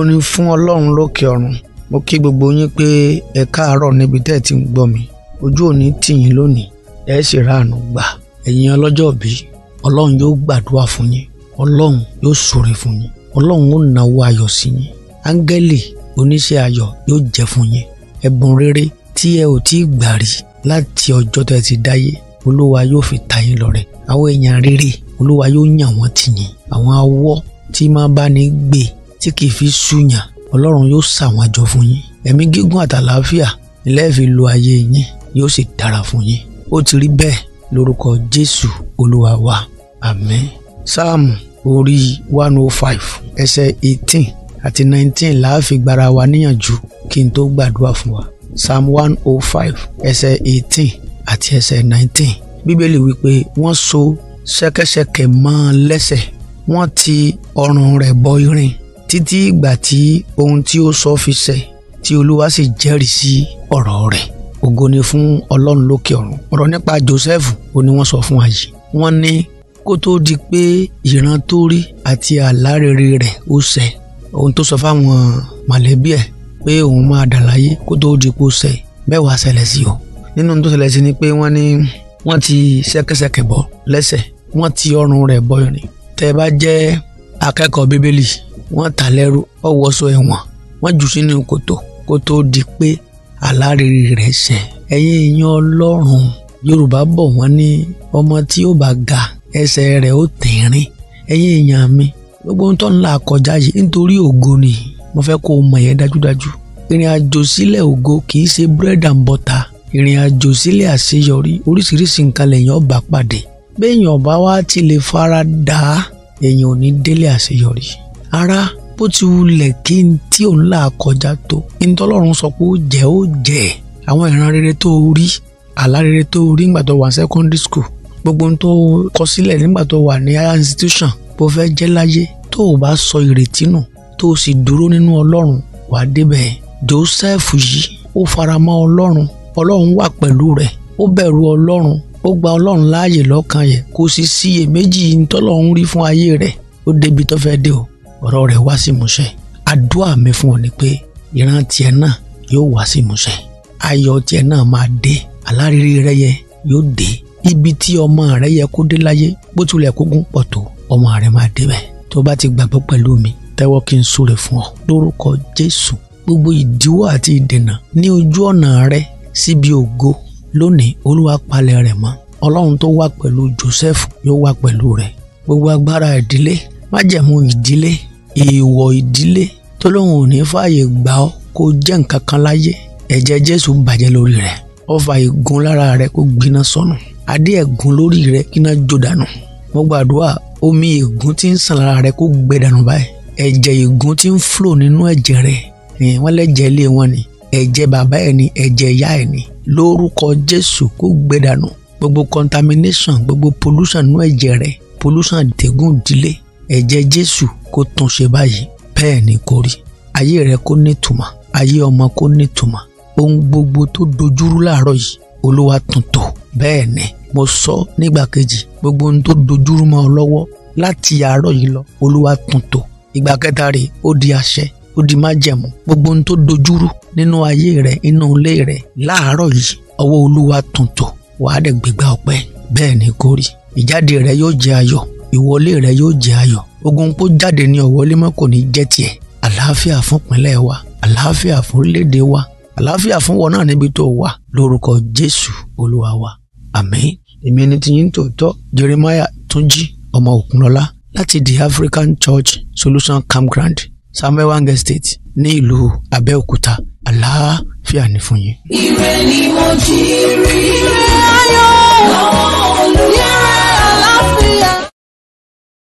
ògo ni fún ọlọ́run lókè ọ̀run mo kí gbogbo yín pé ẹ káàárọ̀ níbi tẹ́ ẹ ti ń gbọ́ mi ojú òní tì yín lónìí ẹ sì ráàánú gbà ẹ̀yin ọlọ́jọ́ bí ọlọ́run yóò gbàdúrà fún yín ọlọ́run yóò súre fún yín ọlọ́run ó nawó ayọ̀ sí yín áńgẹ́lì oníṣẹ́ ayọ̀ yóò jẹ́ fún yín ẹ̀bùn rere tí ẹ ò tí ì gbà rí láti ọjọ́ tẹ́ ti dáyé olúwa yóò fi ta yín lọ́rẹ àwọn èèyàn rere olúwa yóò yàn wọ́n tì yín àwọn awọ́ tí máa bá ní gbé tí kì í fi ṣùyàn ọlọ́run yóò sà wọ́n jọ fún yín ẹ̀mí gígùn àtàlàáfíà ilé fi lo ayé yín yóò sì dára fún yín ó ti rí bẹ́ẹ̀ lórúkọ jésù olúwa wa àmín sáàmù orí one oh five ẹsẹ̀ eighteen àti nineteen láàfin gbara wa níyànjú kí n tó gbàdúrà fún wa psalm one oh five ẹsẹ̀ eighteen àti ẹsẹ̀ nineteen bíbélì wípé wọ́n so ṣẹ́kẹ́ṣẹkẹ̀ mọ́ ọ lẹ́sẹ̀ ti ọrùn rẹ̀ bọ irin títí ìgbà tí ohun tí ó sọ fi ṣẹ tí olúwa sì jẹ́rìí sí ọ̀rọ̀ rẹ̀ ògo ni fún ọlọ́run lókè ọ̀run ọ̀rọ̀ nípa Joseph ó ní wọ́n sọ fún wa yìí wọ́n ní kó tó di pé ìran tó rí àti àlá rere rẹ̀ ó ṣẹ ohun tó sọ fáwọn mọ̀lẹ́bí ẹ̀ pé òun máa dà láyé kó tó di pé ó ṣẹ bẹ́ẹ̀ wá ṣẹlẹ̀ sí o nínú tó ṣẹlẹ̀ sí ni pé wọ́n ní wọ́n ti ṣẹ́kẹ́ṣẹkẹ̀ bọ́ lẹ́sẹ̀ wọ́n ti ọrùn rẹ̀ bọ́ irin tẹ́ bá jẹ́ akẹ́kọ̀ọ́ bíbélì wọ́n ta lẹ́rú ó wọṣọ ẹ̀wọ̀n wọ́n jù sínú kòtò kó tó di pé alárèrè rẹ̀ ṣẹ̀ ẹ̀yin èèyàn ọlọ́run yorùbá bọ̀ wọ́n ní ọmọ tí ó bá ga ẹsẹ̀ rẹ̀ ó tẹ̀rín ẹ̀yin èèyàn mi gbogbo ohun tó ń là kọjá yìí nítorí ògo ni mo fẹ́ kó o mọ̀ yẹn dájúdájú ìrìn àjò sílẹ̀ ògo kì í ṣe bread and butter ìrìn àjò sílẹ̀ àṣeyọrí oríṣiríṣi nǹkan lèèyàn bá pàdé béèyàn bá wá ti lè fara dà á èèyàn ò ní délé àṣeyọrí ara bó ti wulẹ̀ kí n tí òun là kọjá tó kí n tọ́lọ́run sọ pé ó jẹ́ ó jẹ́ àwọn ìran rere tó rí àlá rere tó rí nígbà tó wà secondary school gbogbo ohun tó kọ sílẹ̀ nígbà tó wà ní higher institution bó fẹ́ jẹ́ láyé tó o bá sọ ìrètí nù tó o sì dúró nínú ọlọ́run wàá débẹ̀ Joseph yìí ó fara mọ́ ọlọ́run ọlọ́run wà pẹ̀lú rẹ̀ ó bẹ̀rù ọlọ́run ó gba ọlọ́run láàyè lọ́kàn yẹ kò sì síyèméjì ntọ́lọ́run rí fún ayé rẹ̀ ó débi tó fẹ́ dé o ọ̀rọ̀ rẹ̀ wá sí ìmúṣẹ àdúrà mi fún ọ ni pé ìran tiẹ̀ náà yóò wá sí ìmúṣẹ ayọ̀ tiẹ̀ náà máa dé alárírí rẹ yẹn yóò dé ibi tí ọmọ rẹ yẹ kó dé láyé bó tilẹ̀ kó pọ̀ tó ọmọ rẹ máa débẹ̀ tó bá ti gbàgbọ́ pẹ̀lú mi tẹ́wọ́ kí n súre fún ọ lórúkọ Jésù gbogbo ìdíwọ́ àti ìdènà ní ojú ọ̀nà rẹ síbi ògo lónìí olúwa palẹ̀ rẹ̀ mọ́ ọlọ́run tó wà pẹ̀lú Joseph yóò wà pẹ̀lú rẹ̀ gbogbo agbára ìdílé májẹ̀mú ìdílé èèwọ̀ ìdílé tó lóun ò ní fààyè gbà ọ́ kó jẹ́ nǹkan kan láyé ẹ̀jẹ̀ Jésù bàjẹ́ lórí rẹ̀ ó fa ègún lára rẹ̀ kó gbiná sọnù adé ègún lórí rẹ̀ kíná jó dànù mo gbàdúrà omi ègún tí ń sàn lára rẹ̀ kó gbẹ dànù báyìí ẹ̀jẹ̀ ègún tí ń flò nínú ẹ̀jẹ̀ rẹ̀ ni wọ́n lẹ́jẹ̀ ilé wọn ni ẹ̀jẹ̀ bàbá ẹ̀ ni ẹ̀jẹ̀ ìyá ẹ̀ ni lórúkọ Jésù kó gbẹ dànù gbogbo contamination gbogbo pollution nínú ẹ̀jẹ̀ rẹ̀ pollution tẹ̀gùn ìdílé ẹ̀jẹ̀ Jésù kó tún ṣe báyìí bẹ́ẹ̀ ni kó rí ayé rẹ kó nítumọ̀ ayé ọmọ kó nítumọ̀ ohun gbogbo tó dojúrú láàárọ̀ yìí olúwa tuntun bẹ́ẹ̀ ni mo sọ nígbà kejì gbogbo ohun tó dojúrú mọ́ ọ lọ́wọ́ láti àárọ̀ yìí lọ olúwa tuntun ìgbà kẹta rèé ó di àṣẹ ó di májẹ̀mú gbogbo ohun tó dojúrú nínú ayé rẹ inú ilé rẹ láàárọ̀ yìí ọwọ́ olúwa tuntun wàá dẹ̀ gbégbá ọpẹ́ bẹ́ẹ̀ ni kó rí ìjáde rẹ yóò jẹ́ ayọ̀ ìwọlé rẹ yóò jẹ́ ayọ̀ ogun pó jáde ní ọ̀wọ́ lémọ́ kò ní jẹ́ tiẹ̀ àlàáfíà fún ìpínlẹ̀ wa àlàáfíà fún orílẹ̀ wa àlàáfíà fún wọn náà níbi tó wà lórúkọ Jésù Olúwa wa àmín èmi ẹni tí tòótọ́ Jeremiah Túnjí ọmọ Òkúnlọ́lá láti the African Church Solution Campground Samuel Wange State ní ìlú Abẹ́òkúta àlàáfíà ni fún yín. ire ni mo jí rí ayọ̀ lọ́wọ́.